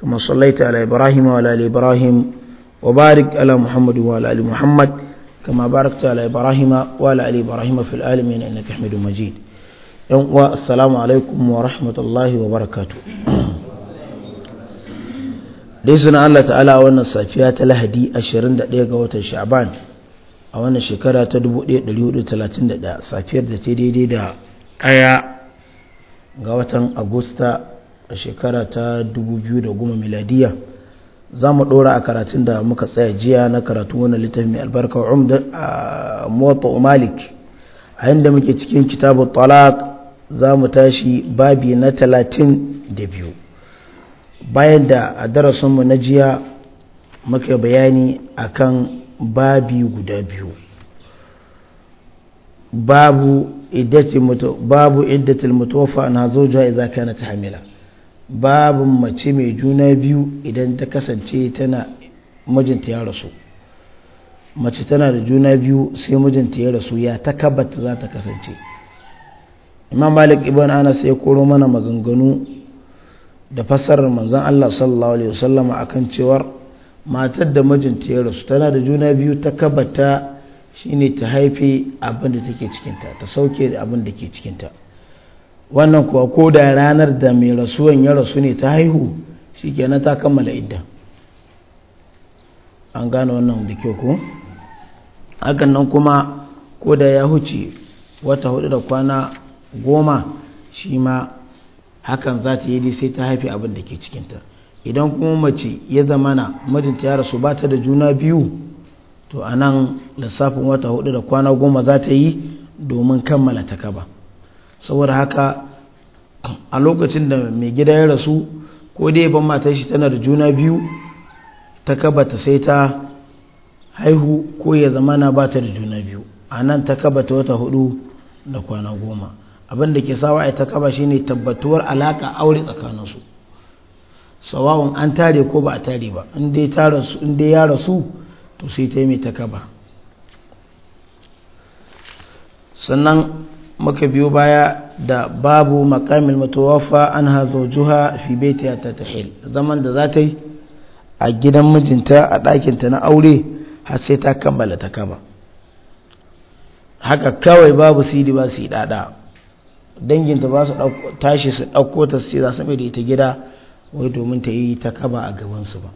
كما صليت على إبراهيم وعلى آل إبراهيم وبارك على محمد وعلى آل محمد كما باركت على إبراهيم وعلى آل إبراهيم في العالمين إنك حميد مجيد السلام عليكم ورحمة الله وبركاته dai Allah ta'ala a wannan safiya ta lahadi 21 ga watan sha'ban a wannan shekara ta 1431 safiyar da ta daidai da ɗaya ga watan agusta a shekara ta 2010 miladiya za mu ɗora a karatun da muka tsaya jiya na karatun wani littafi mai albarka umar mota malik a yadda muke cikin kitabu talak za mu tashi babi na 32 bayan da a darasinmu na jiya muka bayani akan babi guda biyu babu idatil mutuwafa na zoja ka na ta hamila babin mace mai juna biyu idan ta kasance tana mijinta ya rasu mace tana da juna biyu sai mijinta ya rasu ya takabbata za ta kasance imam malik ibn anas ya koro mana maganganu da fassarar manzon Allah sallallahu alaihi wasallama akan cewar matar da mijinta ya rasu tana da juna biyu takabbata shine ta haife abin da take cikinta ta sauke da abin da ke cikinta wannan kuwa ko da ranar da mai rasuwan ya rasu ne ta haihu shi kenan ta kammala idda an gane wannan da kyau ku. hakan nan kuma ko da ya huce wata hudu da kwana goma shi ma hakan za ta yi sai ta haifi abin da ke cikinta idan kuma mace ya zamana mijinta ya rasu ba ta da juna biyu to a nan lissafin wata hudu da kwana goma za ta yi domin kammala ta kaba saboda haka a lokacin da mai gida ya rasu ko dai ban mata shi tana da juna biyu ta kabata sai ta haihu ko ya zama na ba ta da juna biyu a nan ta kabata wata hudu da kwana goma abin da ke sawa a ta kaba shi shine tabbatuwar alaka aure tsakaninsu sawawan an tare ko ba a tare ba in dai ya rasu to sai ta yi mai ta kaba sannan muka biyo baya da babu makamin matawafa an hazo juha fi baitiya ta tahil zaman da za ta yi a gidan mijinta a ɗakinta na aure har sai ta kammala ta kaba haka kawai babu sidi ba su yi ɗaɗa danginta ba su tashi su ɗauko ta su za su mai da ita gida wai domin ta yi ta kaba a gabansu ba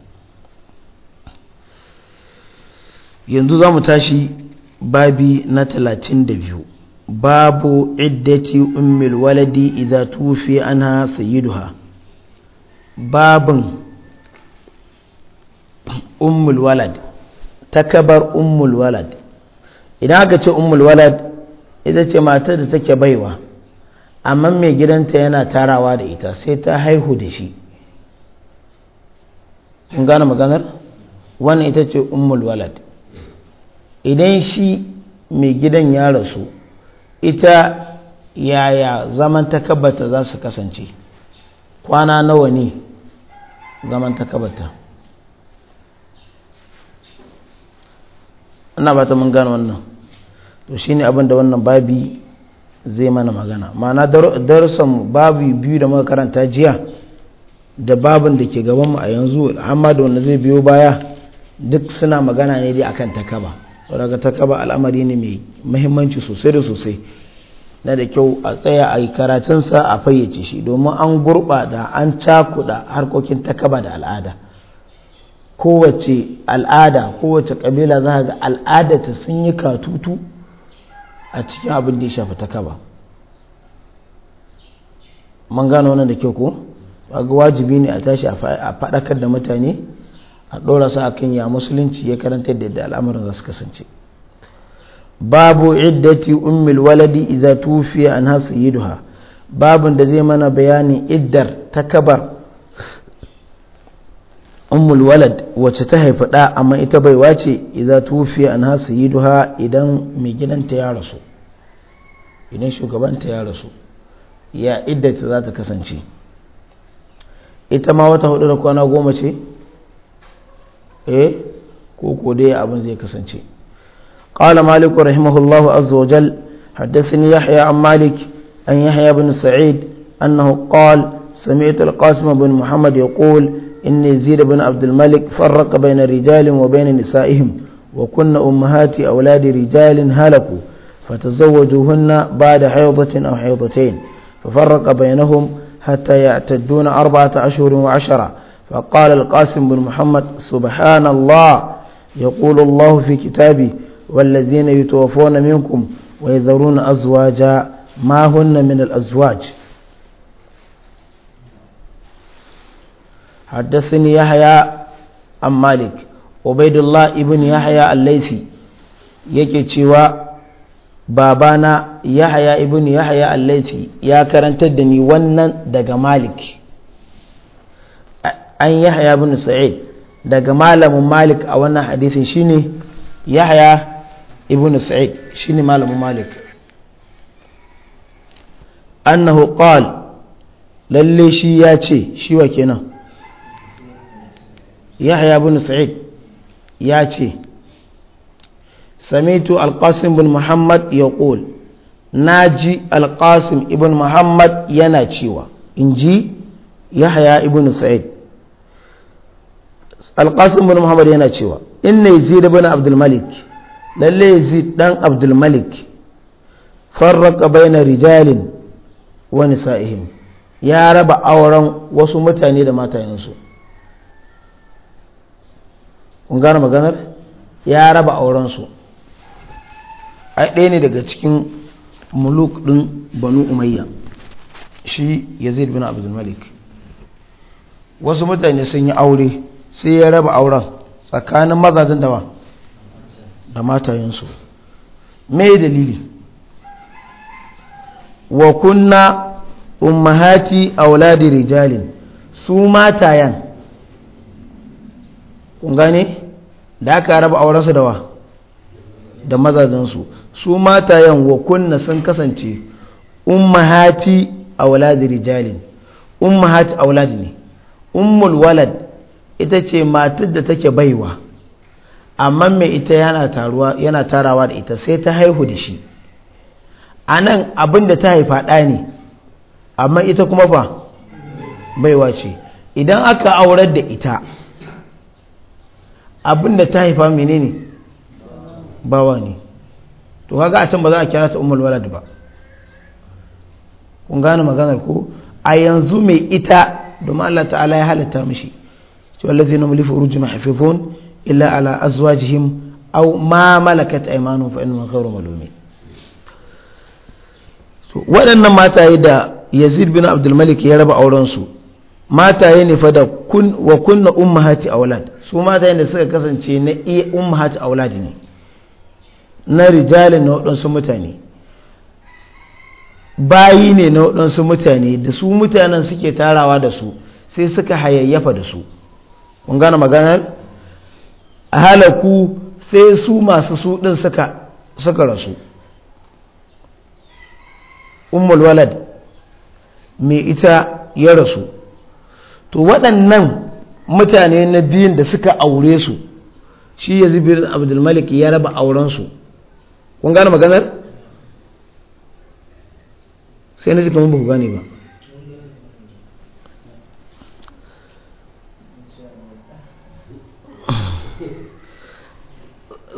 yanzu za mu tashi babi na talatin da biyu babu iddati ummil waladi idza tufi anha sayyiduha babun ummul walad takabar ummul walad idan aka ce ummul walad ita ce matar da take baiwa amma mai gidanta yana tarawa da ita sai ta haihu da shi kun gane maganar wannan ita ce ummul walad idan shi mai gidan ya rasu ita yaya zaman takabata za su kasance kwana nawa ne zaman takabata ina ba mun gano wannan to shine abin da wannan babi zai mana magana ma'ana darussan babu biyu da makaranta jiya da babin da ke gabanmu a yanzu amma da wanda zai biyo baya duk suna magana ne dai akan takaba saboda ta kaba al'amari ne mai muhimmanci sosai da sosai na da kyau a tsaya a yi karatunsa a fayyace shi domin an da an cakuɗa harkokin takaba da al'ada kowace al'ada kowace kabila za ga al'ada ta sun yi katutu a cikin abin da ya shafi takaba man gano wannan da kyau ko wajibi ne a tashi a faɗakar da mutane a ɗora su akan ya musulunci ya karanta da yadda al'amarin za su kasance babu iddati ummil waladi idza tufiya an hasu yiduha babin da zai mana bayani iddar ta kabar ummul walad wacce ta haifi da amma ita baiwa ce idza tufiya an hasu idan mai gidanta ya rasu idan shugabanta ya rasu ya iddata za ta kasance ita ma wata hudu da kwana goma ce eh ko ko dai abin zai kasance qala malik rahimahullahu azza wa jal haddathani yahya an malik an yahya bin sa'id annahu qala سمعت القاسم بن محمد يقول إن يزيد بن عبد الملك فرق بين رجال وبين نسائهم وكن أمهات أولاد رجال هلكوا فتزوجوهن بعد حيضة أو حيضتين ففرق بينهم حتى يعتدون أربعة أشهر وعشرة فقال القاسم بن محمد سبحان الله يقول الله في كتابه والذين يتوفون منكم ويذرون أزواجا ما هن من الأزواج حدثني يحيى عن مالك عبيد الله ابن يحيى الليثي yake cewa babana yahaya ibn yahaya al-laifi ya karantar da ni wannan daga malik an yahya bin sa'id daga malamin malik a wannan hadisin shine yahya ibn sa'id shine malamin malik annahu qal lalle shi ya ce shi wa kenan yahya bin sa'id ya ce samitu alqasim bin muhammad ya na ji alqasim ibn muhammad yana cewa in ji yahya ibn sa'id alƙasim bin muhammad yana cewa inna yazid bin abdul malik lalle yazid dan abdul malik farraqa baina rijalin wa nisa'ihim ya raba auren wasu mutane da matayensu kun gane maganar ya raba aurensu ai ɗaya ne daga cikin muluk ɗin banu umayya shi yazid bin abdul malik wasu mutane sun yi aure sai ya raba auren tsakanin mazajen da da matayensu mai dalili wa kunna ummahati auladi rijalin su matayen kun gane da aka raba aurensu da wa da mazajensu su matayen wa kunna sun kasance ummahati auladi rijalin ummahati auladi ne umul walad ita ce matar da take baiwa amma mai ita yana taruwa yana tarawa da ita sai ta haihu da shi a nan abin da ta haifa ɗa ne amma ita kuma fa baiwa ce idan aka aurar da ita abin da ta haifa mene ne bawa ne to kaga a can ba za a kira ta umar walad ba kun gane maganar ku a yanzu mai ita domin allah ta'ala ya halatta mishi cewa allazina hum li furujihim hafizun illa ala azwajihim aw ma malakat aymanuhum fa innahum ghayru malumin to waɗannan mataye da Yazid bin Abdul Malik ya raba auren su mataye ne fa da kun wa kunna ummahati aulad su mataye da suka kasance na iya ummahati aulad ne na rijalin na waɗansu mutane bayi ne na waɗansu mutane da su mutanen suke tarawa da su sai suka hayayyafa da su mun gane maganar halaku sai su masu su ɗin suka rasu ummul walad mai ita ya rasu to waɗannan mutane na biyun da suka aure su shi ya zubir abdulmalik ya raba aurensu kun gane maganar sai na ji kamar ba ku gane ba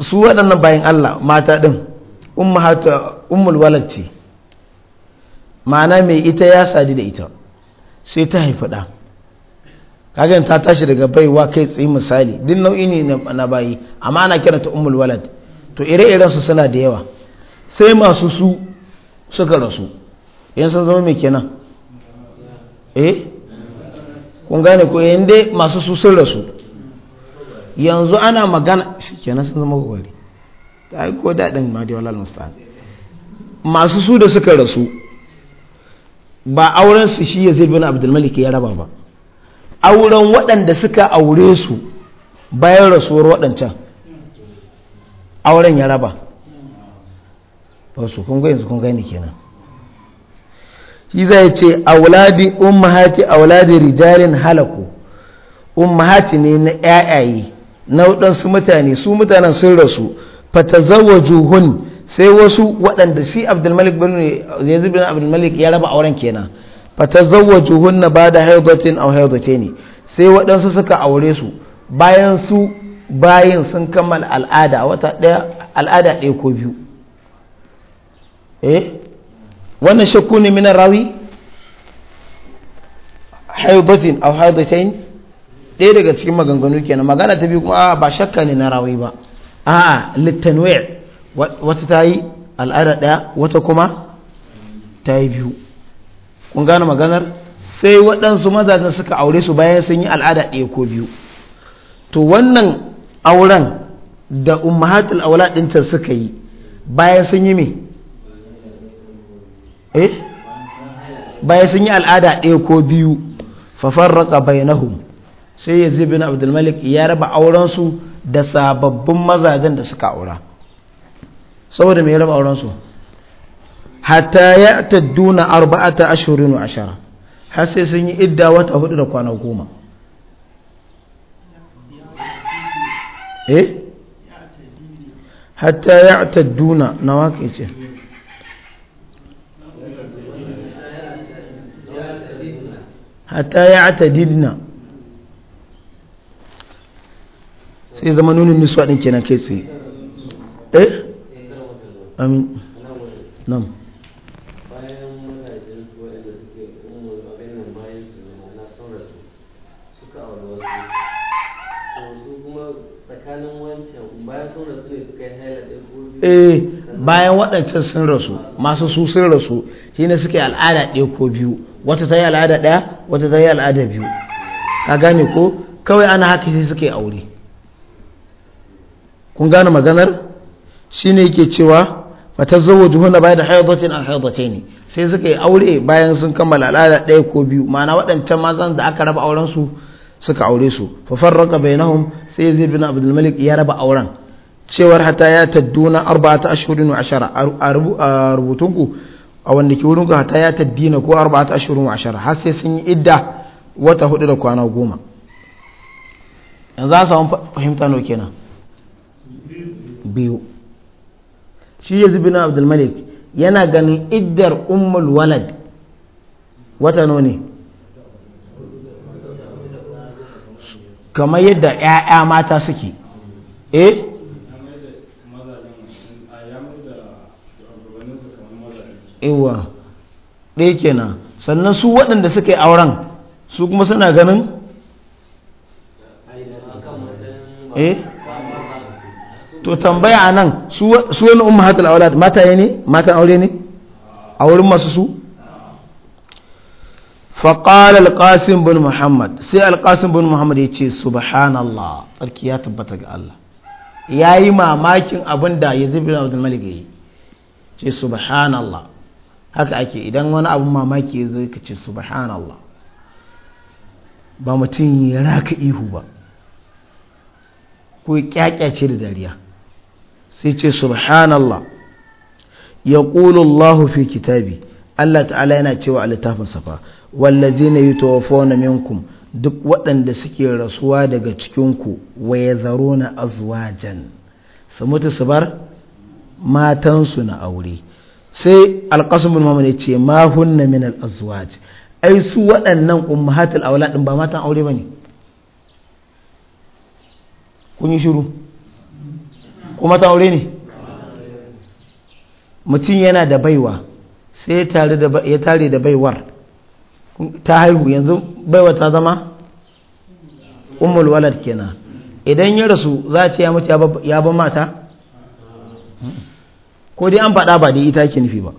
su waɗannan bayan Allah mata ɗin ummul walad ce ma'ana mai ita ya sadi da ita sai ta haifi ɗa kagan ta tashi daga baiwa kai tsaye misali duk nau'i ne na bayi amma ana ta umar walad to ire-iren su suna da yawa sai masu su suka rasu yan sun zama mai kenan eh kun gane ko yayin dai masu su sun rasu yanzu ana magana shi kenan sun zama gwari ta yi ko daɗin madiyawalal musta masu su da suka rasu ba auren su shi yazid bin abdulmalik ya raba ba auren waɗanda suka aure su bayan rasuwar waɗancan auren ya raba wasu kun yanzu kun gani kenan shi zai ce auladi a auladi rijalin halaku ummahati ne na ƴaƴaye na waɗansu mutane su mutanen sun rasu juhun sai wasu waɗanda shi abdulmalik bin yanzu bin abdulmalik ya raba auren kenan juhun na bada a aw ne sai waɗansu suka aure su bayan su bayin sun kammala al'ada wata ɗaya al'ada ɗaya ko biyu eh wannan shakku ne minan rawi a aw ne ɗaya daga cikin maganganu kenan magana ta biyu kuma ba shakka ne na rawi ba a littanwe wata ta yi al'ada ɗaya wata kuma ta yi biyu kun gane maganar sai waɗansu mazajen suka aure su bayan sun yi al'ada ɗaya ko biyu to wannan auren da ummahatul aula ɗinta suka yi bayan sun yi me eh bayan sun yi al'ada ɗaya ko biyu fafarraka bainahum sai yazid bin abdulmalik ya raba aurensu da sababbin mazajen da suka aura saboda mai raba aurensu hata ya tadduna arba'ata ashirin wa ashara har sai sun yi idda wata hudu da kwana goma eh hatta ya tadduna na waka ce Hata ya tadduna sai zama nunin niswa din kenan kai tsaye eh amin nan eh bayan waɗancan sun rasu masu su sun rasu shi ne suke al'ada ɗaya ko biyu wata ta yi al'ada ɗaya wata ta yi al'ada biyu ka gane ko kawai ana haka shi suke aure kun gane maganar shi ne yake cewa fatazawwaju na bayan da a an ne sai suka yi aure bayan sun kammala al'ada ɗaya ko biyu mana waɗancan mazan da aka raba aurensu suka aure su raka bai nahun sai zai bi na abdulmalik ya raba auren cewar hata ya tadduna arba'ata ashirin wa ashara a rubutunku a wanda ke wurin hata ya taddina ko arba'ata ashirin wa ashara har sai sun yi idda wata hudu da kwana goma yanzu an samu fahimta no kenan biyu shi ya zubi na abdulmalik yana ganin iddar ummul walad wata kamar yadda 'ya'ya mata suke eh iwa ɗaya kenan sannan su waɗanda suka yi auren su kuma suna ganin eh? to tambaya a nan su wani umar hatar aulad yi ne matan aure ne a wurin masu su faƙar alƙasin bin muhammad sai alƙasin bin muhammad ya ce subhanallah tsarki ya tabbata ga Allah ya yi mamakin abin da ya zubi abdul malik ya yi ce subhanallah haka ake idan wani abin mamaki ya zai ka ce subhanallah ba mutum ya raka ihu ba ko ya kyakyace da dariya sai ce subhanallah ya ƙulullahu fi kitabi Allah ta'ala yana cewa a littafin safa wallazi na yi na minkum duk waɗanda suke rasuwa daga cikinku wa ya zaro na azuwajen su mutu su bar matansu na aure sai alƙasumin mamman ce ma hunna min al'azwaj ai su waɗannan ummahatul aula ɗin ba matan aure ba ne kun yi shiru Kuma ta aure ne mutum yana da baiwa sai ya tare da baiwar ta haihu yanzu baiwa ta zama umulwalar kenan idan ya rasu za a ce ya mutu ya ban mata ko dai an faɗa ba da ita ke nufi ba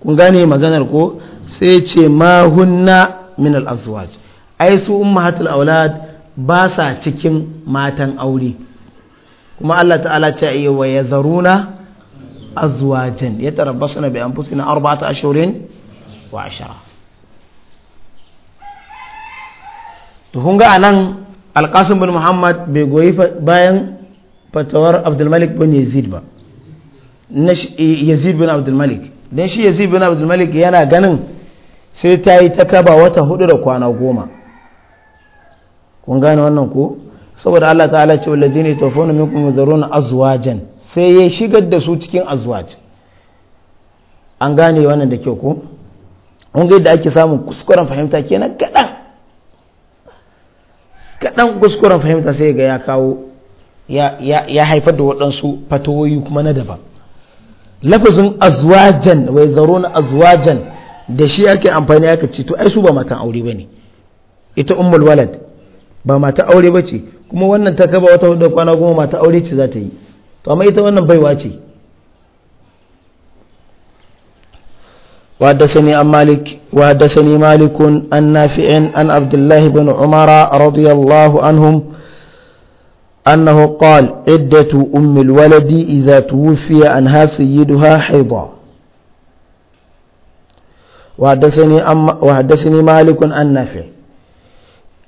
kun gane maganar ko sai ce mahunna hunna min al'azuwa ai su ummahatul aulad ba sa cikin matan aure kuma Allah ta'ala ta yi wa ya zaruna azwajan ya tarabbasu na bayan fusi na ta ashirin wa ashara to ga anan alqasim bin muhammad bai goyi bayan fatawar abdulmalik bin yazid ba na eh, yazid bin abdulmalik don shi yazid bin abdulmalik yana ganin sai ta yi ta kaba wata hudu da kwana goma kun gane wannan ko saboda Allah ta'ala ce wallazi ne min kuma zaruna azwajan sai ya shigar da su cikin azwaj an gane wannan da kyau ko mun ga yadda ake samun kuskuren fahimta kenan kaɗan kaɗan kuskuren fahimta sai ga ya kawo ya haifar da waɗansu fatawoyi kuma na daban lafazin azwajan wai zaruna azwajan da shi ake amfani aka ci to ai su ba matan aure ba ne ita ummul walad ba mata aure ba ce kuma wannan ta kaba wata hudu kwana goma mata aure ce za ta yi to amma ita wannan baiwa ce وحدثني عن مالك وحدثني مالك عن نافع عن عبد الله بن عمر رضي الله عنهم أنه قال عدة أم الولد إذا توفي عنها سيدها حيضا وحدثني, أم وحدثني مالك عن نافع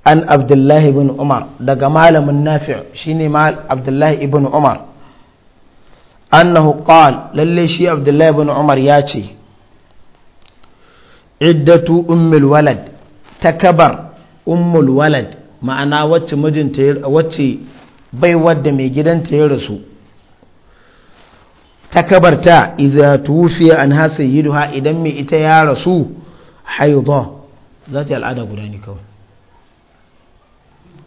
an abdullahi ibn umar daga malamin nafi shine mal abdullahi ibn umar annahu qal lalle shi abdullahi ibn umar ya ce iddatu ummul walad takabar ummul walad ma'ana wacce mijinta wacce bai wadda mai gidanta ya rasu takabarta idza tufiya an ha sayyiduha idan mai ita ya rasu haidha zati al'ada guda ne kawai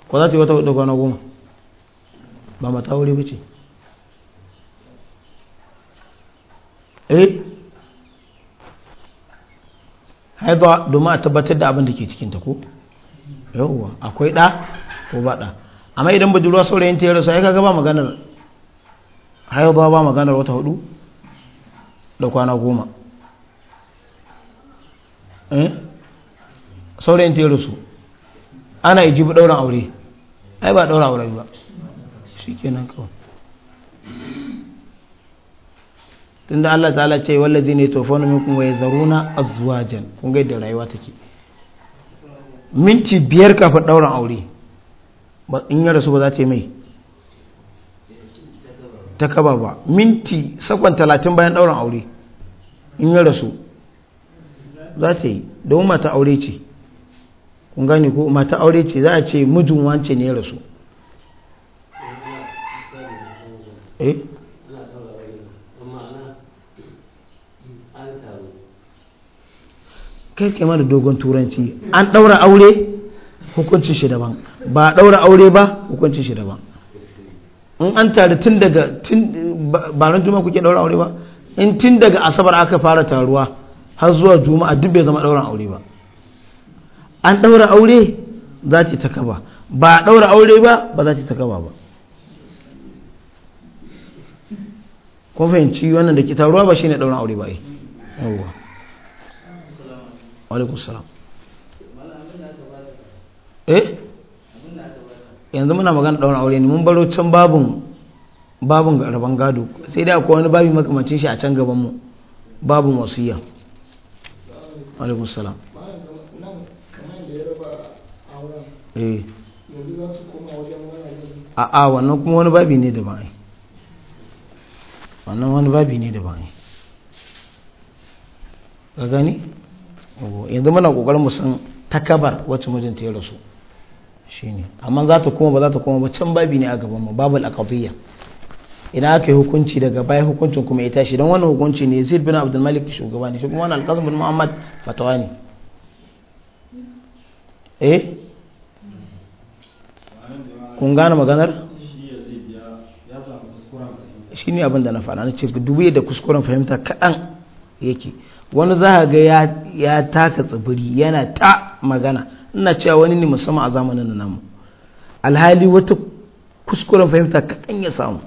ko za ta yi wata hudu kwana goma ba mata wuri wuce eh haidwa domin a tabbatar da abin da ke cikinta ko yawwa akwai ɗa ko ba ɗa amma idan duruwa saurayin ta yi rasu kaga ba maganar haidwa ba maganar wata hudu da kwana goma eh? saurayin ta yi rasu ana yi jibi ɗaurin aure ai ba daura aure ba shi kenan kawai tunda Allah ta'ala ce wallazi ne tofanu minkum wa yazaruna azwajan kun ga yadda rayuwa take minti biyar kafin dauran aure ba in ya rasu ba za ta yi mai ta kaba ba minti sakon talatin bayan dauran aure in ya rasu za ta yi don mata aure ce kun gane ko mata aure ce za a ce mijin wance ne rasu eh kai kai mana dogon turanci an daura aure hukuncin shi daban ba a daura aure ba hukuncin shi daban in an tare tun daga ba nan juma kuke daura aure ba in tun daga asabar aka fara taruwa har zuwa juma'a duk bai zama dauran aure ba an ɗaura aure za ta ta kaba ba a ɗaura aure ba ba za ta ta kaba ba ko fahimci wannan da ke taruwa ba shi ne ɗaura aure ba yi yawwa alaikun salam eh yanzu muna magana ɗaura aure ne mun baro can babin babin rabon gado sai dai akwai wani babi makamacin shi a can gabanmu babin wasiyya alaikun salam eh a wannan kuma wani babi ne da ba wannan wani babi ne da ba ai ka gani yanzu mana kokarin mu san takabar wacce mijinta ya rasu shine amma za ta koma ba za ta koma ba can babi ne a gaban mu babul aqdiyya idan aka yi hukunci daga baya hukuncin kuma ya tashi don wannan hukunci ne zai bin abdul malik shugaba ne shi kuma wannan alqasim bin muhammad fatawa ne eh kun gane maganar shi ne abin da na faɗa na ce dubu da kuskuren fahimta kaɗan yake wani za ga ya taka tsibiri yana ta magana ina cewa wani ne musamman a zamanin namu alhali wata kuskuren fahimta kaɗan ya samu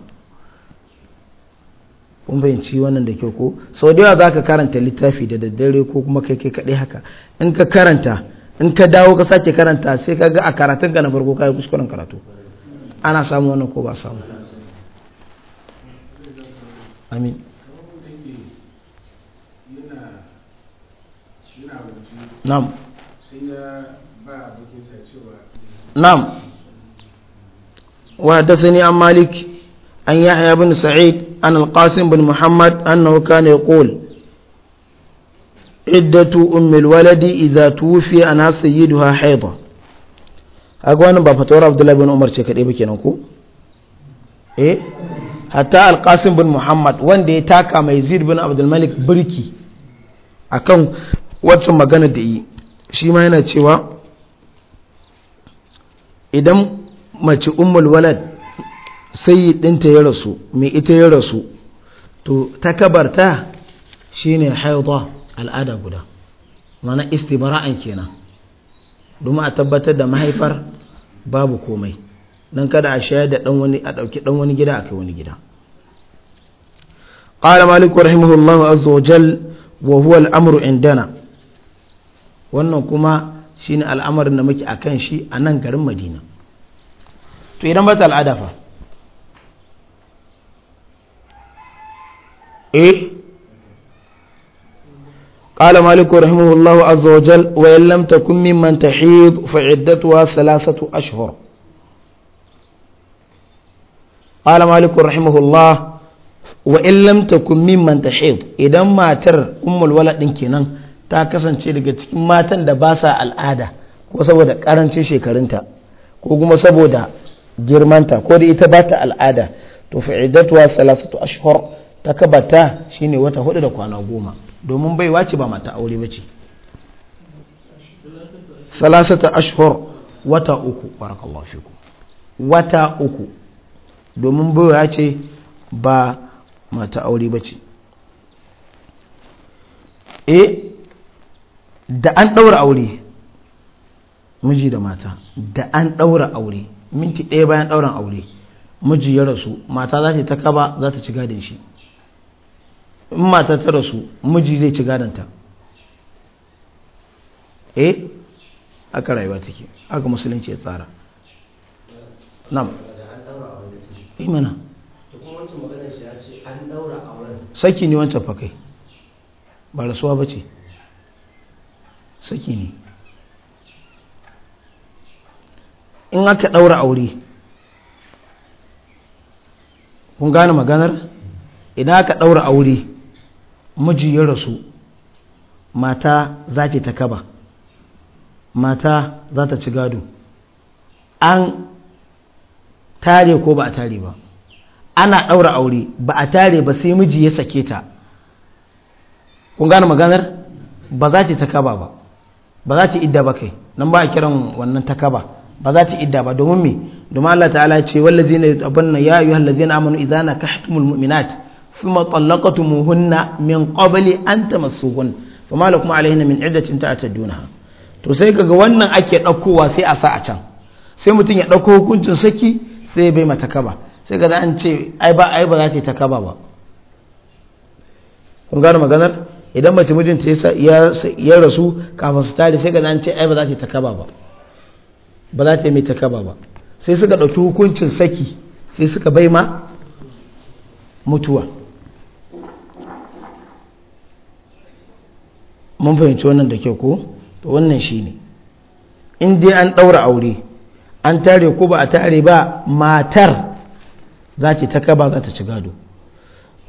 kun fahimci wannan da kyau ko sau da yawa za ka karanta littafi da daddare ko kuma kai kai kaɗai haka in ka karanta in ka dawo ka sake karanta sai ka ga a karatun ka na farko ka yi kuskuren karatu أنا سامون كوبا ko آمين نعم نعم وحدثني عن مالك أن يحيى بن سعيد أن القاسم بن محمد أنه كان يقول عدة أم الولد إذا توفي أنها سيدها حيضة aga wannan ba fatawar abdullahi bin umar ce kaɗai ba kenan ko eh hatta alqasim bin muhammad wanda ya taka mai zid bin abdulmalik birki akan wacce magana da yi shi ma yana cewa idan mace ummul walad sai ɗinta ya rasu mai ita ya rasu to ta shi shine haidha al'ada guda mana istibara'an kenan domin a tabbatar da mahaifar babu komai don kada a shayar da ɗan wani a ɗauki ɗan wani gida a kai wani gida قال مالك رحمه الله wa huwa وهو الأمر wannan kuma shine al'amarin da muke kan shi a nan garin Madina to idan ba ta al'ada fa eh قال مالك رحمه الله عز وجل وإن لم تكن ممن تحيض فعدتها ثلاثة أشهر قال مالك رحمه الله وإن ta kasance daga cikin matan da basa al'ada ko saboda karancin shekarunta ko kuma saboda girmanta ko da ita bata al'ada to fa'idatuwa salasatu ashhur ta kabata shine wata hudu da kwana goma domin baiwa ce ba mata aure ba ce salasata ashhur wata uku barakallahu fikum wata uku domin baiwa ce ba mata aure ba ce e da an ɗaura aure miji da mata da an ɗaura aure minti ɗaya bayan dauran aure miji ya rasu mata za ta kaba za ta ci gadin shi in mata ta rasu miji zai ci gadanta eh aka rayuwa take aka musulunci ya tsara nam imana eh, saki ne wancan fakai ba rasuwa ba ce saki ne in aka ɗaura aure kun gane maganar idan aka ɗaura aure miji ya rasu mata za ki ta kaba mata za ta ci gado an tare ko ba a tare ba ana ɗaura aure ba a tare ba sai miji ya sake ta kun gane maganar ba za ta kaba ba ba za ta idda ba kai nan ba a kiran wannan ta kaba ba za ta idda ba domin me domin Allah ta'ala ce wallazina yutabbanna ya ayyuhallazina amanu idza nakahtumul mu'minat thumma tallaqatumuhunna min qabli an tamassuhun fama lakum alaihinna min iddatin تعتدونها to sai kaga wannan ake daukowa sai a sa a can sai mutum ya ɗauko hukuncin saki sai bai mata kaba sai kaga an ce ai ba ai ba za ta kaba ba kun gane maganar idan mace mijinta ya rasu kafin su tare sai kaga an ce ai ba za ta kaba ba ba za ta mai ta kaba ba sai suka ɗauki hukuncin saki sai suka bai ma mutuwa mun fahimci wannan da ke ko to wannan shi ne in dai an ɗaura aure an tare ko ba a tare ba matar za ta kaba za ta ci gado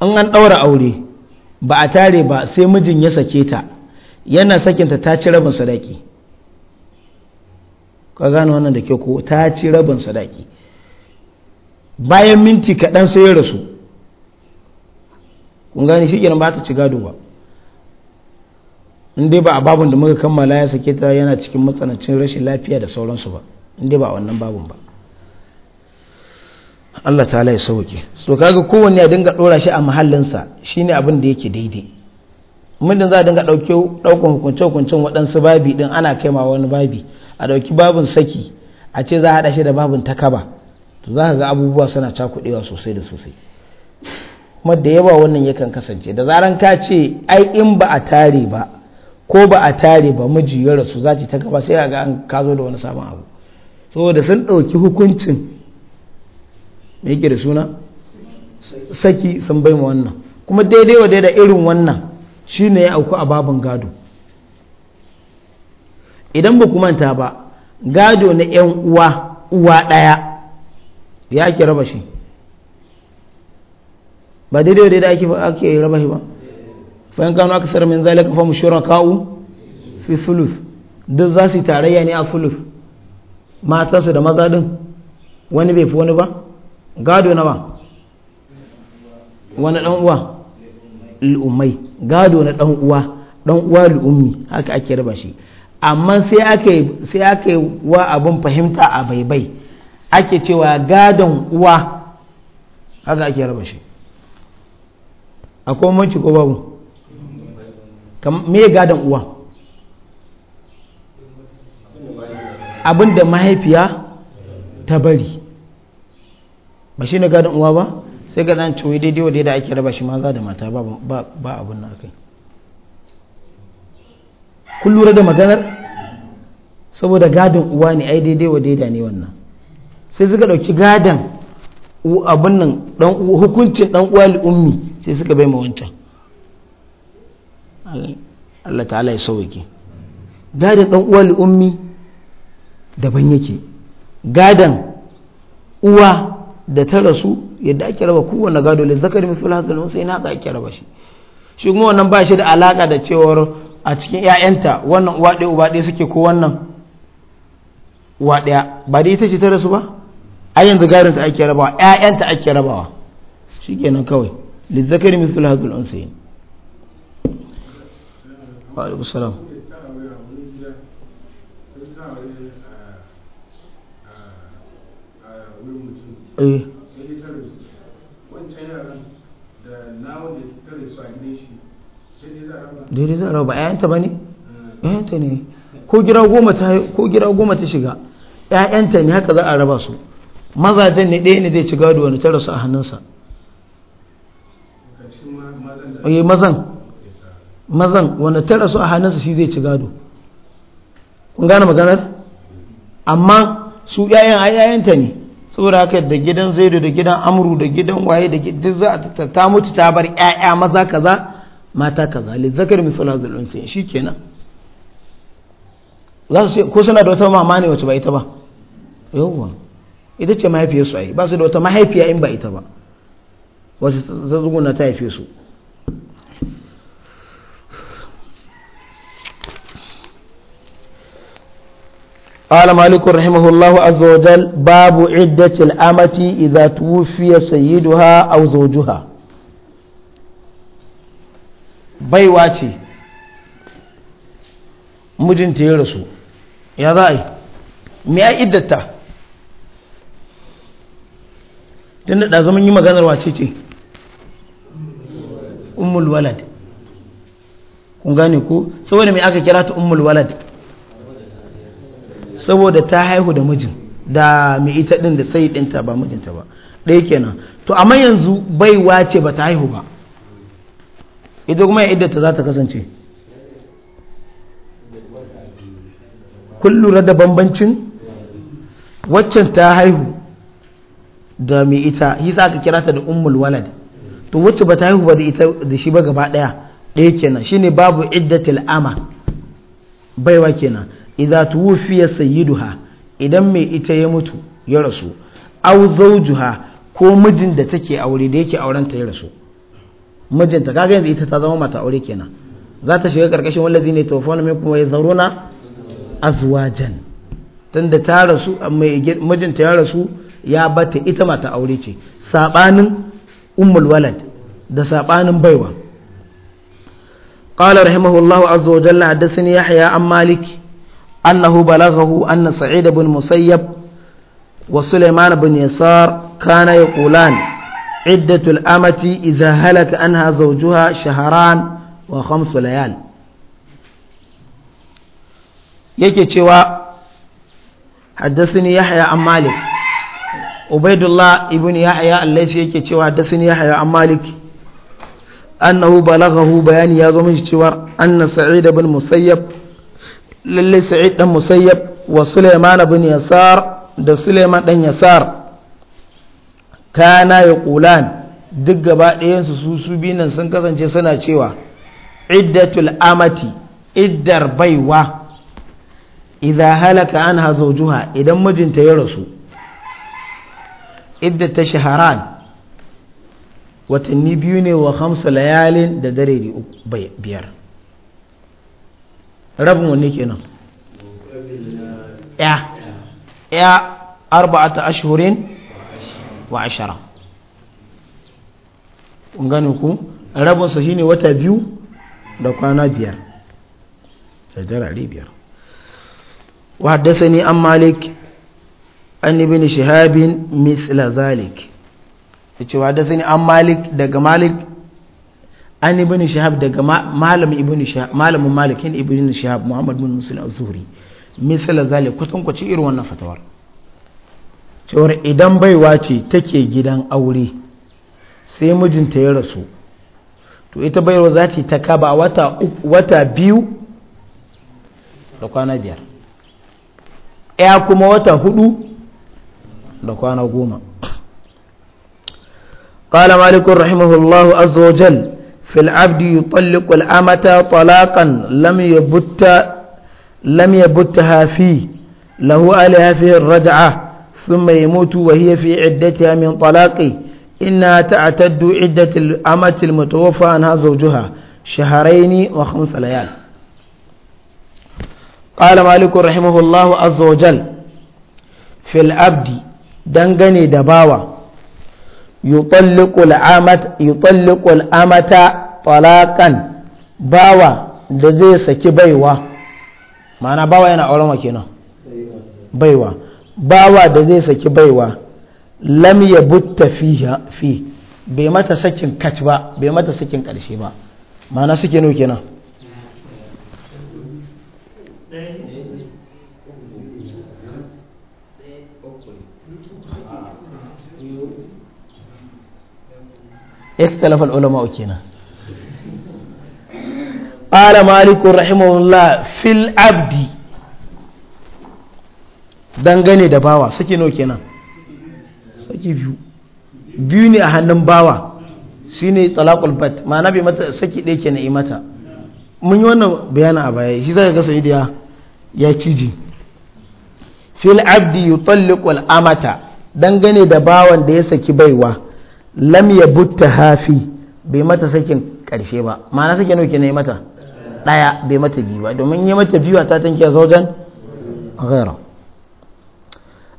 in an ɗaura aure ba a tare ba sai mijin ya sake ta yana sakinta ta ci rabin sadaki ka gano wannan da ke ko ta ci rabin sadaki bayan minti kaɗan sai ya rasu kun gani shi ba ta ci gado ba in dai ba a babun da muka kammala ya sake ta yana cikin matsanancin rashin lafiya da sauransu ba in dai ba a wannan babun ba Allah ta ya sauke so kaga kowanne ya dinga dora shi a mahallinsa shine abin da yake daidai mundin za a dinga dauke hukunce hukuncen waɗansu babi ɗin ana ma wani babi a ɗauki babin saki a ce za a haɗa shi da babin takaba to za ka ga abubuwa suna cakuɗewa sosai da sosai kuma da yawa wannan yakan kasance da zaran ka ce ai in ba a tare ba ko ba a tare ba miji ya rasu za ta gaba sai a ga an kazo da wani sabon abu saboda sun ɗauki hukuncin mai yake da suna saki sun bai ma wannan kuma daidai wa daidai irin wannan shi ne ya auku a babin gado idan ba manta ba gado na 'yan uwa uwa ɗaya ya ake raba shi ba daidai wa daidai ake raba shi ba fa in kanu aksar min zalika fa mushraka'u fi thuluth duk za su tarayya ne a thuluth mata su da maza din wani bai fi wani ba gado na ba wani dan uwa al'ummai gado na dan uwa dan uwa al'ummi haka ake raba shi amma sai aka yi wa abun fahimta a baibai ake cewa gadon uwa haka ake raba shi akwai manci ko babu me gadon uwa abinda mahaifiya ta bari ba shi ne gadon uwa ba sai gadon cewa daidai wadda da ake raba shi maza da mata ba abin na kai kun lura da maganar saboda gadon uwa ne ai daidai wa daida ne wannan sai suka ɗauki gadon abin hukuncin ɗanuwa uwa al'ummi sai suka bai ma wancan Allah ta'ala ya sauke gadon dan uwa li ummi daban yake gadon uwa da ta rasu yadda ake raba kowanne gado le zakari misal hasan husain haka ake raba shi shi kuma wannan ba shi da alaka da cewar a cikin 'ya'yanta wannan uwa ɗaya uba ɗaya suke ko wannan uwa ɗaya ba da ita ce ta rasu ba a yanzu gadon ta ake rabawa 'ya'yanta ake rabawa shikenan kawai lizzakari misal hasan husain wa alaikum salam eh daidai za a raba ‘ya'yanta ba ne? ‘ya'yanta ne ko gira goma ta shiga ‘ya'yanta ne haka za a raba su mazajen ne ɗaya ne zai ci gado wani tarasa a hannunsa mazan eh, mazan wanda ta rasu a hannunsa shi zai ci gado kun gane maganar amma su yayan a yayanta ne saboda haka da gidan zaidu da gidan amru da gidan waye da duk za a ta mutu ta bar yaya maza kaza mata kaza le zakar misal hadal shi kenan za su ko suna da wata mama ne wacce ba ita ba yawwa ita ce mahaifiyarsu ai ba su da wata mahaifiya in ba ita ba wacce ta zuguna ta haife su قال مالك رحمه الله عز وجل باب عدة الأمة إذا توفي سيدها أو زوجها baiwa ce mijinta ya rasu ya za me a iddata tun da ɗazamin yi maganar wace ce ummul walad kun gane ko saboda mai aka kira ta ummul saboda ta haihu da mijin da mai ita din da sai dinta ba mijinta ba ɗaya kenan to amma yanzu baiwa ce ba ta haihu ba ita kuma ya ta za ta kasance kun da bambancin waccan ta haihu da mai ita yi za ka kira ta da ummul walad to wacce ba ta haihu ba da ita da shi ba gaba ɗaya ɗaya kenan shine babu iddatil ama baiwa kenan idza tuwfiya sayyiduha idan mai ita ya mutu ya rasu aw zawjuha ko mijin da take aure da yake auren ta ya rasu mijinta kaga yanzu ita ta zama mata aure kenan za ta shiga karkashin wallazi ne kuma minkum wa yazaruna azwajan tunda ta rasu mijinta ya rasu ya bata ita mata aure ce sabanin ummul walad da sabanin baiwa قال رحمه الله عز وجل حدثني يحيى عن مالك أنه بلغه أن سعيد بن مسيب وسليمان بن يسار كان يقولان عدة الأمة إذا هلك أنها زوجها شهران وخمس ليال yake cewa haddasini yahya an malik ubaidullah ibn yahya allaisi yake cewa haddasini yahya an malik annahu balaghahu bayani ya zo mishi cewa anna sa'id ibn musayyab lalle sa'id dan musayyab wa sulaiman ibn yasar da sulaiman dan yasar kana yaqulan duk gaba ɗayan su su binan sun kasance suna cewa iddatul amati iddar baiwa idza halaka anha zawjuha idan mijinta ya rasu iddat shaharan watanni biyu ne wa hamsa layalin da dare biyar rabin wanne kenan ya ya arba'ata ashhurin wa ashara gani ku rabinsa shine wata biyu da kwana biyar da darare biyar وحدثني عن مالك عن ابن شهاب مثل ذلك yace wa da sani an malik daga malik an ibn shahab daga malam ibn shahab malamin malikin ibn shahab muhammad bin muslim az-zuhri misal zalik kwatan kwaci irin wannan fatawar cewar idan baiwa ce take gidan aure sai mijinta ya rasu to ita baiwa za ta ta kaba wata wata biyu da kwana biyar ya kuma wata hudu da kwana goma قال مالك رحمه الله عز وجل في العبد يطلق الأمة طلاقا لم يبت لم يبتها فيه له عليها فيه الرجعة ثم يموت وهي في عدتها من طلاقه إنها تعتد عدة الأمة المتوفى عنها زوجها شهرين وخمس ليال قال مالك رحمه الله عز وجل في العبد دنغني دباوة yutalliqul amata talakan bawa da zai saki baiwa ma'ana bawa yana auren wa kenan baiwa bawa da zai saki baiwa lam yabutta fiha fi bai mata sakin kac ba bai mata sakin karshe ba ma'ana suke nuke nan. ulama العلماء كنا قال مالك رحمه الله في العبد dangane da bawa saki nawa kenan biyu ne a hannun bawa shine talaqul ma'ana saki ɗaya kenan yi mata mun yi wannan bayanin a baya shi zaka ga sayyidiya ya ciji fil abdi yutalliqu al amata dangane da bawan da ya saki baiwa lam ya butta hafi bai mata sakin karshe ba ma'ana sakin nauke ne mata daya bai mata biyu ba domin yi mata biyu ta tanke zaujan ghaira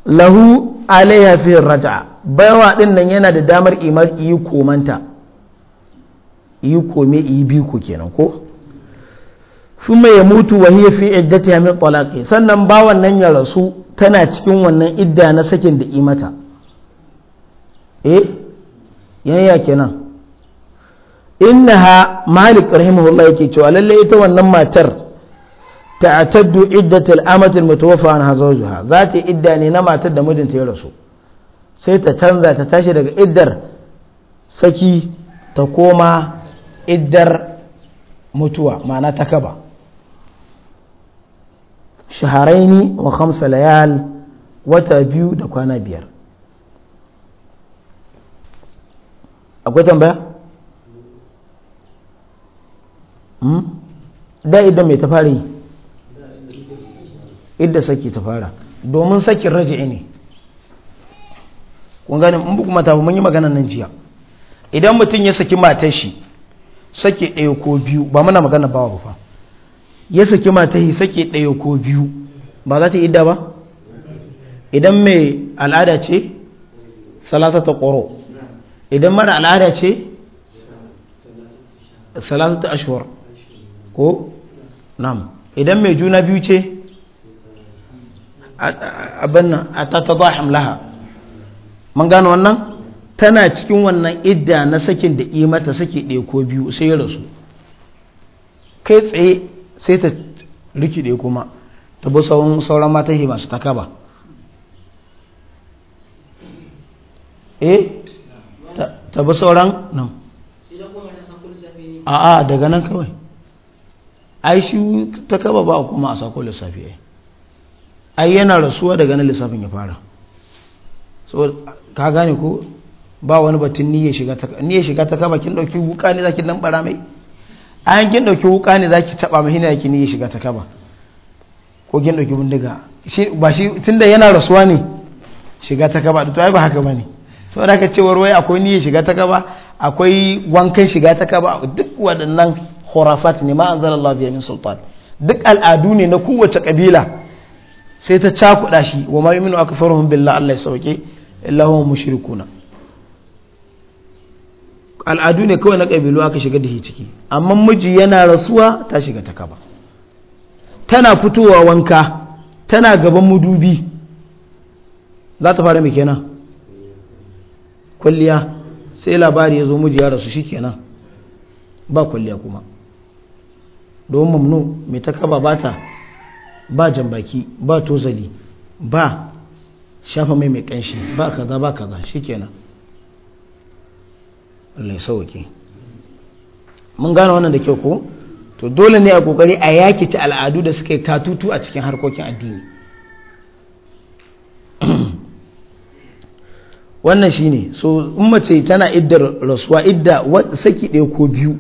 lahu alaiha fi raja, baiwa din nan yana da damar imar yi komanta yi kome yi biyu ko kenan ko thumma mutu wa hiya fi iddatiha min talaqi sannan bawan nan ya rasu tana cikin wannan idda na sakin da imata eh yaya kenan innaha malik rahimahullah yake cewa lalle ita wannan matar ta'taddu iddatul amati almutawaffa anha zawjuha zati idda ne na matar da mijinta ya rasu sai ta canza ta tashi daga iddar saki ta koma iddar mutuwa ma'ana ta kaba shaharaini wa khamsa layal wata biyu da kwana biyar akwai tambaya hmm? da idan mai ta fara yi idda saki ta fara domin sakin raji ne kun gane in kuma ta mun yi magana nan jiya idan mutum ya saki matar shi saki ɗaya ko biyu ba muna magana bawa ba fa ya saki matar shi saki ɗaya ko biyu ba za ta idda ba idan mai al'ada ce salasa ta ƙoro idan mara al'ada ce salatu ashwar ko nam idan mai juna biyu ce abin nan a tattata man gano wannan tana cikin wannan idda na sakin da imata saki ɗaya ko biyu sai ya rasu kai tsaye sai ta rikide kuma ta bu sauran mata masu takaba eh tabi sauran nan a a daga nan kawai ai shi ta kaba ba kuma a sako lissafi ai ai yana rasuwa daga nan lissafin ya fara so ka gane ko ba wani batun niyya shiga ta niyya shiga ta kaba kin dauki wuka ne zaki dan bara mai an kin dauki wuka ne zaki taba mai hina yake niyya shiga ta kaba ko kin dauki bindiga shi ba shi tunda yana rasuwa ne shiga ta kaba to ai ba haka bane saboda ka ce wai akwai niyyar shiga ta kaba akwai wankan shiga ta kaba duk waɗannan khurafat ne ma'an ma Allah biya min sultan duk al'adu ne na kowace ƙabila sai ta cakuɗa shi wa ma yu'minu hun billahi Allah ya sauke illa hum mushrikuna al'adu ne kawai na kabilu aka shiga da ciki amma miji yana rasuwa ta shiga ta kaba tana fitowa wanka tana gaban mudubi za ta fara mai kenan kwalliya sai labari ya zo muji ya rasu shikenan ba kwalliya kuma don mamnu mai ta kaba bata ba jambaki ba tozali ba shafa mai mai kanshi ba kaza ba kaza shikenan kenan allai sauke mun gane wannan da kyau ko to dole ne a kokari a yaki ta al'adu da suka yi katutu a cikin harkokin addini wannan shine so in mace tana iddar rasuwa idda saki ɗaya ko biyu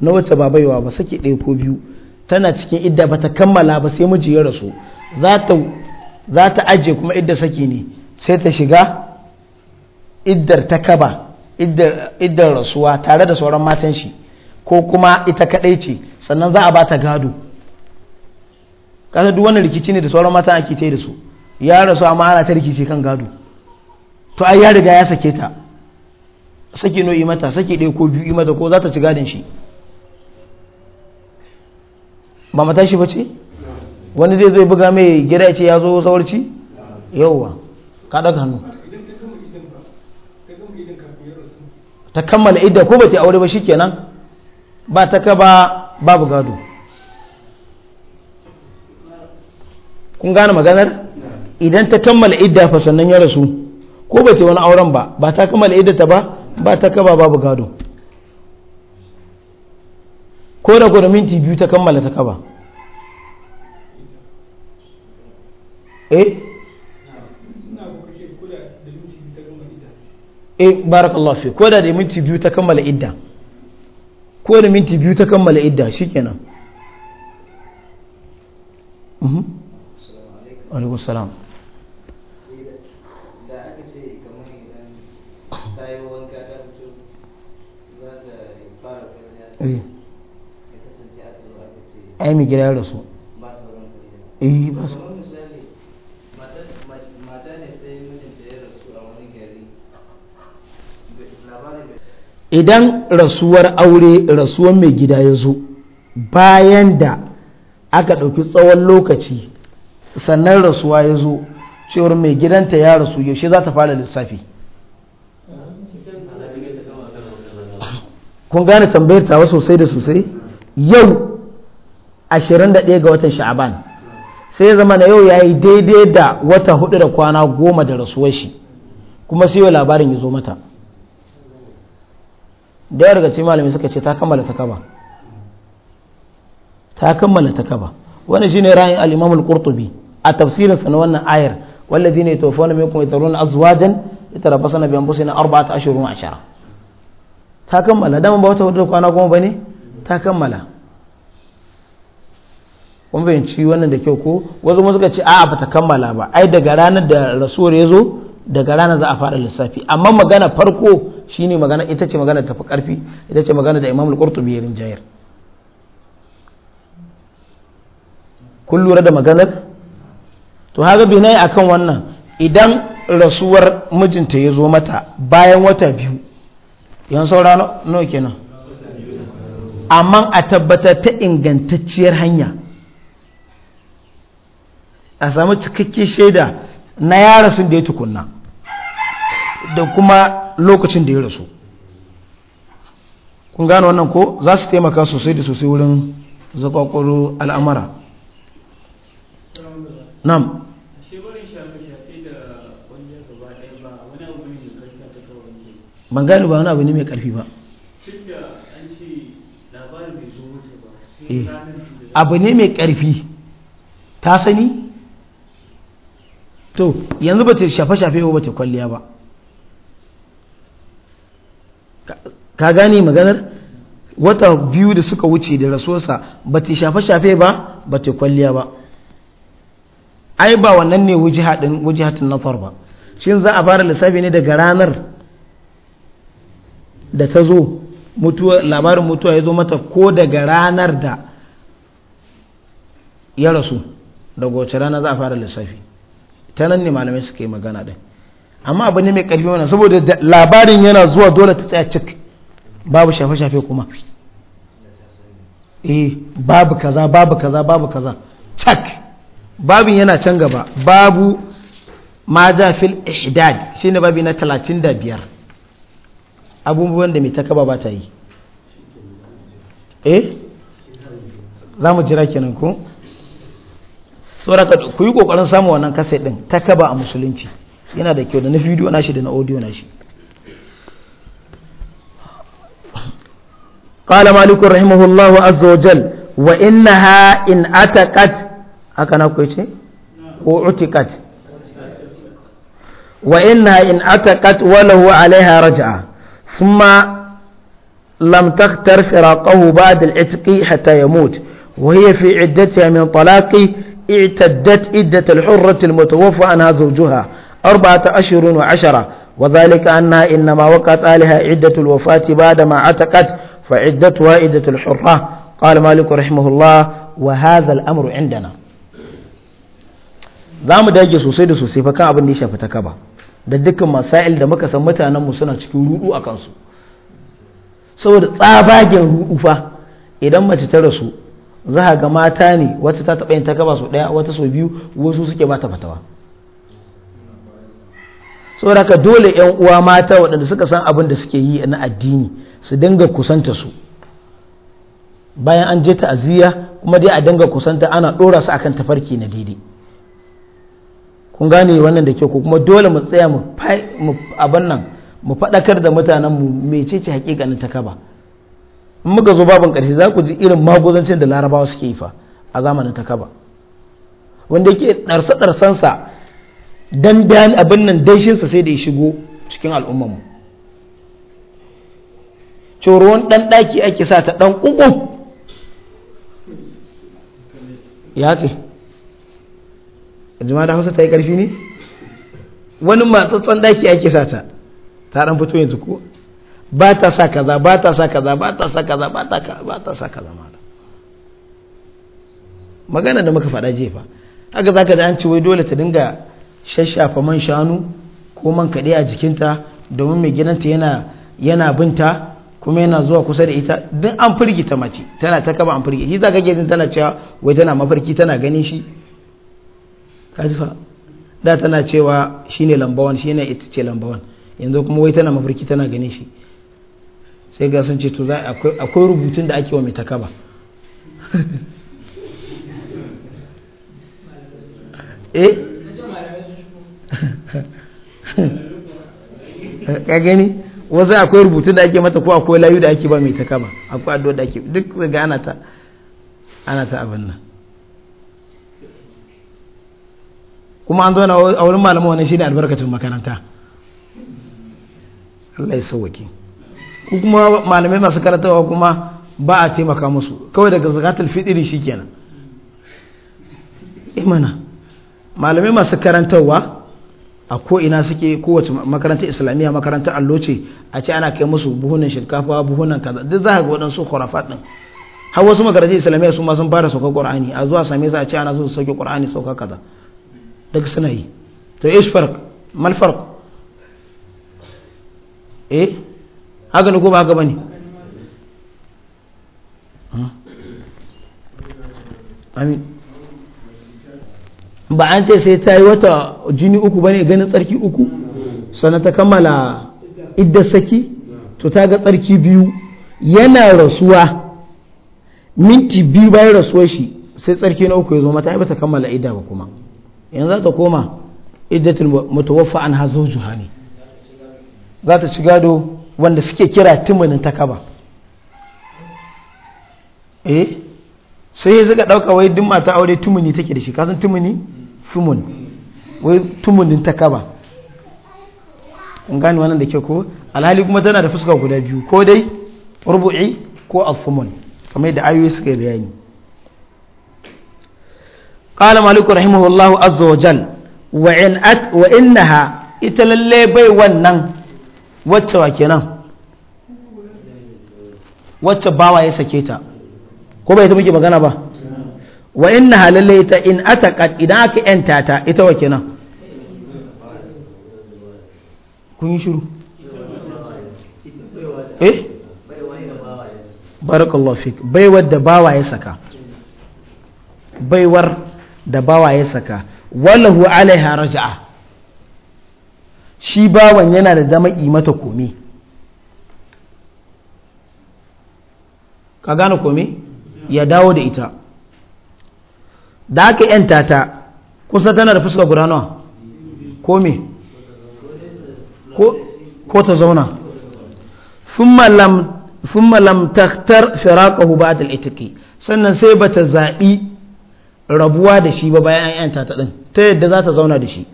na wacce ba baiwa ba saki ɗaya ko biyu tana cikin idda ba ta kammala ba sai miji ya rasu za ta ajiye kuma idda saki ne sai ta shiga iddar ta kaba iddar rasuwa tare da sauran matan shi ko kuma ita kaɗai ce sannan za a ba ta gado kasa duk wani rikici ne da sauran matan ake ta yi da su ya rasu amma ana ta rikici kan gado to ai ya riga ya sake ta sake no yi mata sake ɗaya ko biyu yi mata ko za ta ci gadin shi ba mata shi ba ce wani zai zai buga mai gida ya ce ya zo zawarci yauwa ka ɗaga hannu ta kammala idda ko ba ta aure ba shi kenan ba ta ka ba babu gado kun gane maganar idan ta kammala idda fa sannan ya rasu ko ba ta wani auren ba ba ta kammala iddata ba ba ta kaba babu gado ko da gwada minti biyu ta kammala ta kaba eh eh barakallahu fi ko da da minti biyu ta kammala idda ko da minti biyu ta kammala idda shikenan mhm. alaikun salam Eh. ai mai gida rasu eh, idan rasuwar aure rasuwar mai gida ya zo bayan da aka ɗauki tsawon lokaci sannan rasuwa ya zo cewar mai gidanta ya rasu yaushe za ta fara lissafi kun gane tambayar tawa sosai da sosai yau 21 ga watan sha'aban sai ya zama na yau ya yi daidai da wata hudu da kwana goma da rasuwar shi kuma sai yau labarin ya zo mata da ya rigaci malami suka ce ta kammala ta kaba ta kammala ta kaba wani shine ra'ayin al-imam al-qurtubi a tafsirin sa na wannan ayar walladhina yatawaffawna minkum yataruna azwajan yatarabbasna bi anfusihim arba'ata ashirin wa ashirin. ta kammala dama ba wata hudu kwana goma ba ne ta kammala kuma ci wannan da kyau ko wasu suka ce a'a ba ta kammala ba ai daga ranar da rasuwar ya zo daga ranar za a fara lissafi amma magana farko shine magana ita ce magana tafi karfi ita ce magana da imam al-qurtubi ya rinjayar kun lura da maganar to haka yi akan wannan idan rasuwar mijinta ya zo mata bayan wata biyu yan saura nawa kenan amma a tabbatar ta ingantacciyar hanya a samu cikakke shaida na ya rasu da ya tukunna da kuma lokacin da ya rasu kun gano wannan ko za su taimaka sosai da sosai wurin zakwakwaro al'amara nam Ban gane ba wani abu ne mai karfi ba eh, abu ne mai karfi ta sani to yanzu ba ta shafe-shafe ba ta kwalliya ba ka gane maganar wata biyu da suka wuce da rasuwarsa ba ta shafe-shafe ba ba ta kwalliya ba ai ba wannan ne wujihatun nafar ba shin za a fara lissafi ne daga ranar da ta zo labarin mutuwa ya zo mata ko daga ranar da ya rasu daga wace rana za a fara lissafi ta nan ne malamai suka yi magana ɗin amma abu ne mai karfi mana saboda labarin yana zuwa dole ta tsaya cik babu shafe-shafe kuma eh babu kaza babu kaza babu kaza cak babin yana can gaba babu ma fil ihdad shine babi na 35 abubuwan da mai takaba ba ta yi eh za mu jira kenan ku ka ku yi kokarin samu wannan kasai din takaba a musulunci yana da kyau da na bidiyo na shi da na audio na shi قال مالك رحمه الله عز وجل وإنها إن أتقت أكنا كويتي وعتقت وإنها إن wa وله عليها رجعه ثم لم تختر فراقه بعد العتق حتى يموت وهي في عدتها من طلاق اعتدت عدة الحرة المتوفى عنها زوجها أربعة أشهر وعشرة وذلك أنها إنما وقعت آلها عدة الوفاة بعدما عتقت فعدتها عدة الحرة قال مالك رحمه الله وهذا الأمر عندنا ذا مدى جسوسي دسوسي فكان أبن fa فتكبه da dukkan masail da muka san mutanenmu suna cikin rudu a kansu saboda tsabagen rudu fa idan mace ta rasu za a ga mata ne wata ta taɓa yin ta kaba sau ɗaya wata sau biyu wasu suke ba ta fatawa saboda ka dole yan uwa mata waɗanda suka san abin da suke yi na addini su dinga kusanta su bayan an je ta'aziyya kuma dai a dinga kusanta ana ɗora su akan tafarki na daidai kun gane wannan da kyau ko kuma dole mu tsaya mu abin nan mu faɗakar da mutanen mu ce hakikanin ta kaba in muka zo babin ƙarshe za ku ji irin magozancin da larabawa suke yi fa a zamanin ta kaba wanda yake ɗarsa ɗarsansa dan abin nan daishinsa sai da ya shigo cikin al'ummarmu coron ɗan ɗaki ake sa ta ɗan ƙunƙun ya ke jama'a da hausa ta yi ƙarfi ne wani matsatsan ɗaki ake sa ta ta ɗan fito yanzu ko ba ta sa kaza ba ta sa kaza ba ta sa kaza ba ta sa kaza magana da muka faɗa jefa haka za ka da an ci wai dole ta dinga shashafa man shanu ko man kaɗe a jikinta domin mai gidanta yana yana binta kuma yana zuwa kusa da ita duk an firgita mace tana ta kaba an firgita shi za ka gejin tana cewa wai tana mafarki tana ganin shi kajifa da tana cewa shine lambawan shine ita ce lambawan yanzu kuma wai tana mafarki tana ganin shi sai ga sun ce to akwai rubutun da ake wa mai takaba eh ka gani wasu akwai rubutun da ake mata ko akwai layu da ake ba mai takaba akwai addu'a da ake duk ga ana ta abin nan kuma an zauna a wurin wani wannan shine albarkacin makaranta Allah ya sauwake ku kuma malamai masu karatawa kuma ba a taimaka musu kawai daga zakatul fitiri shikenan imana eh, malamai masu karantarwa a ko ina suke kowace makarantar islamiyya makarantar allo ce a ce ana kai musu buhunan shinkafa buhunan kaza duk za ka ga waɗansu khurafat din har wasu makarantar islamiyya su ma sun fara sauka qur'ani a zuwa same su a ce ana so su sauke qur'ani sauka kaza daga suna yi to ish farq mal farq eh haka ne ko ba haka bane amin ba an ce sai ta yi wata jini uku bane ganin tsarki uku sannan ta kammala idda saki to ta ga tsarki biyu yana rasuwa minti biyu bayan rasuwar shi sai tsarki na uku ya zo mata ba bata kammala idda ba kuma yanzu za ta koma iddatul mutawaffa an hazo juhani za ta ci gado wanda suke kira timanin ta kaba eh sai suka ɗauka wai dimma mata aure tumuni take da shi kasan tumuni fumun wai tumunin ta kaba gani wannan da ke ko alhali kuma tana da fuska guda biyu ko dai rubu'i ko alfumun kamar yadda ayoyi suka yi bayani qala malik rahimahullahu azza wa jal wa in at ita lalle bai wannan wacce wa kenan wacce bawa sake ta ko bai ta muke magana ba wa innaha lalle ita in ataqat idan aka yanta ta ita da bawa ya saka da bawa ya saka wallahu alaiha raja'a shi bawan yana da dama mata komi ka gane komi ya dawo da ita da aka yanta ta kusa tana da fuska guda nawa komi ko ta zauna sun lam firakahu ba ba'da al sannan sai bata zaɓi. rabuwa da shi ba bayan an yanta ta din ta yadda za ta zauna da shi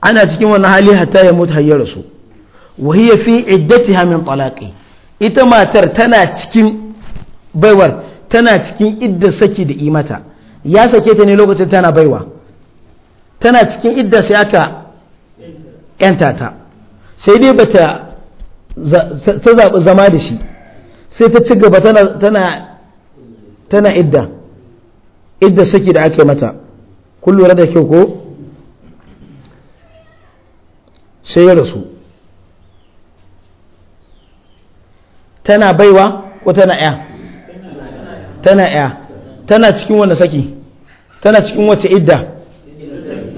ana cikin wani hali hata ya mutu hayyar su wa hiya fi iddatiha min talaqi ita matar tana cikin baiwar tana cikin idda saki da imata ya sake ta ne lokacin tana baiwa tana cikin idda sai aka yanta ta sai dai bata ta zaɓi zama da shi sai ta ci gaba tana idda idda saki da aka yi mata kun da kyau ko sai ya rasu tana baiwa ko tana ya tana ya tana cikin wanda saki tana cikin wacce idda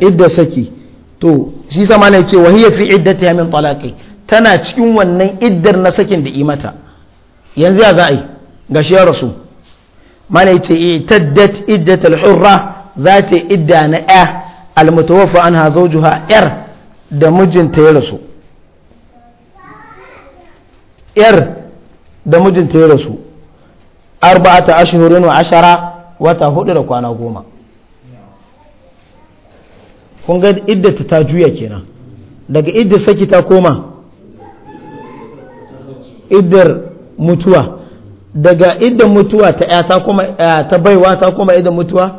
idda saki to shi sama ne ce wahiyya fi iddati min talaqi tana cikin wannan iddar na sakin da imata yanzu ya za a yi gashi ya rasu mana ce itaddat eh, iddat al-hurra za ta idda na ya al-mutawaffa anha zawjuha yar da mijinta ya rasu yar da mijinta ya rasu arba'ata ashhurin wa ashara wata hudu da kwana goma kun ga iddata ta juya kenan daga idda saki ta koma iddar mutuwa daga idan mutuwa ta ya ta kuma eh, ta baiwa ta kuma idan mutuwa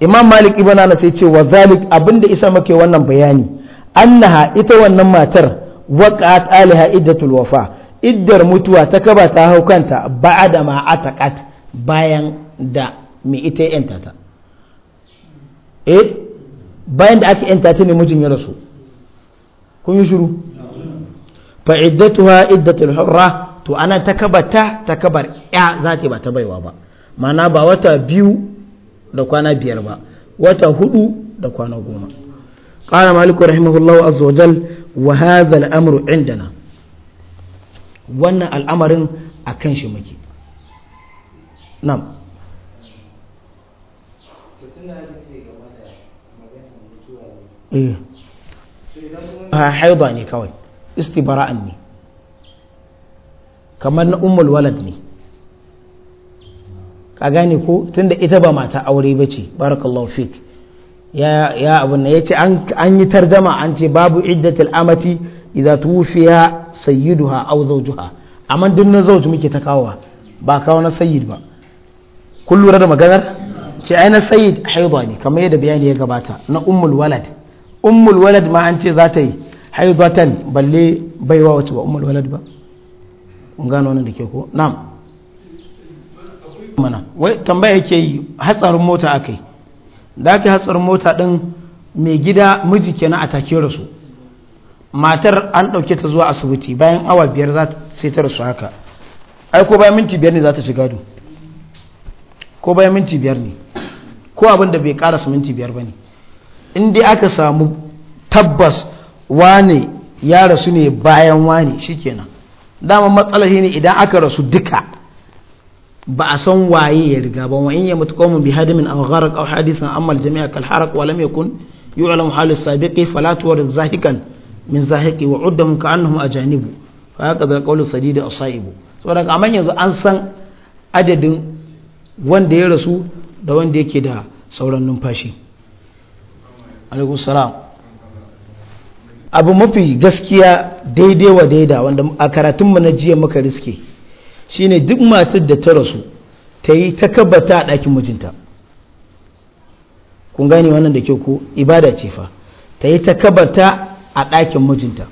imam malik ibn anas ce wa zalik abinda isa muke wannan bayani annaha ita wannan matar waqa'at alaha iddatul wafa iddar mutuwa ta kaba ta hau kanta ba'ada ma ataqat bayan da mi ita yanta ta eh bayan da aka yanta ta ne mijin ya rasu kun yi shiru fa iddatuha iddatul hurra to ana takabarta takabar ya za ta ba ta baiwa ba mana ba wata biyu da kwana biyar ba wata hudu da kwana goma Maliku مالك رحمه الله عز وجل وهذا الأمر wannan al'amarin a kan shi muke nam eh. a ah, haida ne kawai istibara'an ne kamar na ummul walad ne ka gane ko tunda ita ba mata aure ba ce barakallahu fik ya ya abun ya ce an yi tarjama an ce babu iddatul amati idza tuwfiya sayyiduha aw zawjuha amma duk na zawj muke ta kawo ba kawo na sayyid ba kun lura da maganar ce ai na sayyid haidwa ne kamar yadda bayani ya gabata na ummul walad ummul walad ma an ce za ta yi haidwatan balle baiwa wacce ba ummul walad ba kun gano wannan da ke ko na'am mana wai tambaya yake yi hatsarin mota akai da ake hatsarin mota din mai gida miji kenan a take rasu matar an dauke ta zuwa asibiti bayan awa biyar za ta sai ta rasu haka ai ko bayan minti biyar ne za ta shiga du? ko bayan minti biyar ne ko abin da bai karasa minti biyar ba ne in dai aka samu tabbas wane ya rasu ne bayan wane shikenan dama matsalar ne idan aka rasu duka ba a san waye ya riga ba wain ya mutu qaumun bi hadimin aw gharq aw hadithan amma jamia kal harq wa lam yakun yu'lam halu sabiqi fala turid zahikan min zahiqi wa uddahum ka'annahum ajanibu fa haka da qawlu sadid as-sa'ib saboda amma yanzu an san adadin wanda ya rasu da wanda yake da sauran numfashi alaikum salam abu mafi gaskiya daidai wa daida wanda a karatunmu na jiya muka riske shine duk matar da ta rasu ta yi ta kabata a ɗakin mijinta kun gane wannan da ke ko ibada ce fa ta yi ta kabata a ɗakin mijinta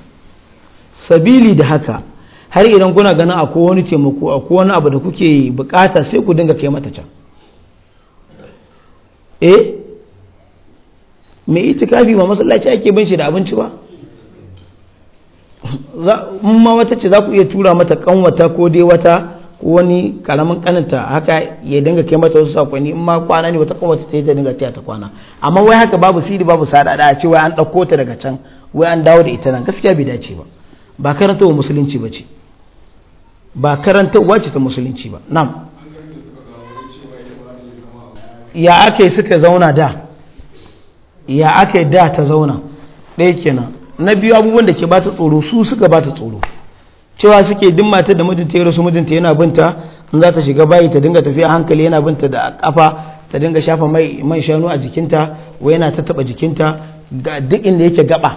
sabili da haka har idan kuna ganin a wani taimako a wani abu da kuke bukata sai ku dinga kai mata can eh mai itikafi ba masallaci ake bin shi da abinci ba ma wata ce za ku iya tura mata kanwata ko dai wata ko wani karamin kananta haka ya dinga kai mata wasu sakonni in ma kwana ne wata kanwata yi ta dinga taya ta kwana amma wai haka babu siri babu sadada a ce wai an ɗauko ta daga can wai an dawo da ita nan gaskiya bai dace ba ba karanta wa musulunci ba ce ba karanta ce ta musulunci ba nam ya ake suka zauna da ya ake da ta zauna ɗaya kenan na biyu abubuwan da ke ba ta tsoro su suka ba ta tsoro cewa suke din matar da mijinta ya rasu mijinta yana binta in za ta shiga bayi ta dinga tafiya hankali yana binta da kafa ta dinga shafa mai man shanu a jikinta wai yana ta taba jikinta ga duk inda yake gaba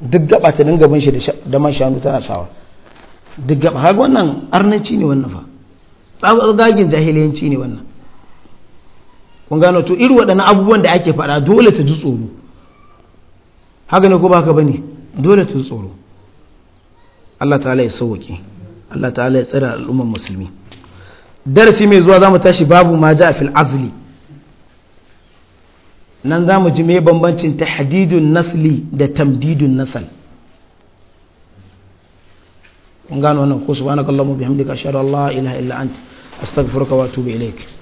duk gaba ta dinga bin shi da man shanu tana sawa duk gaba har wannan arnanci ne wannan fa zagin jahiliyanci ne wannan kun gano to irin waɗannan abubuwan da ake faɗa dole ta ji tsoro haka ne ko baka bane dole tun tsoro Allah ta'ala ya sauke Allah ta'ala ya tsira al'ummar musulmi darasi mai zuwa zamu tashi babu ma ja fil azli nan zamu ji me bambancin tahdidun nasli da tamdidun nasal kun gano wannan ko subhanakallahumma bihamdika ashhadu an la ilaha illa anta astaghfiruka wa atubu ilayk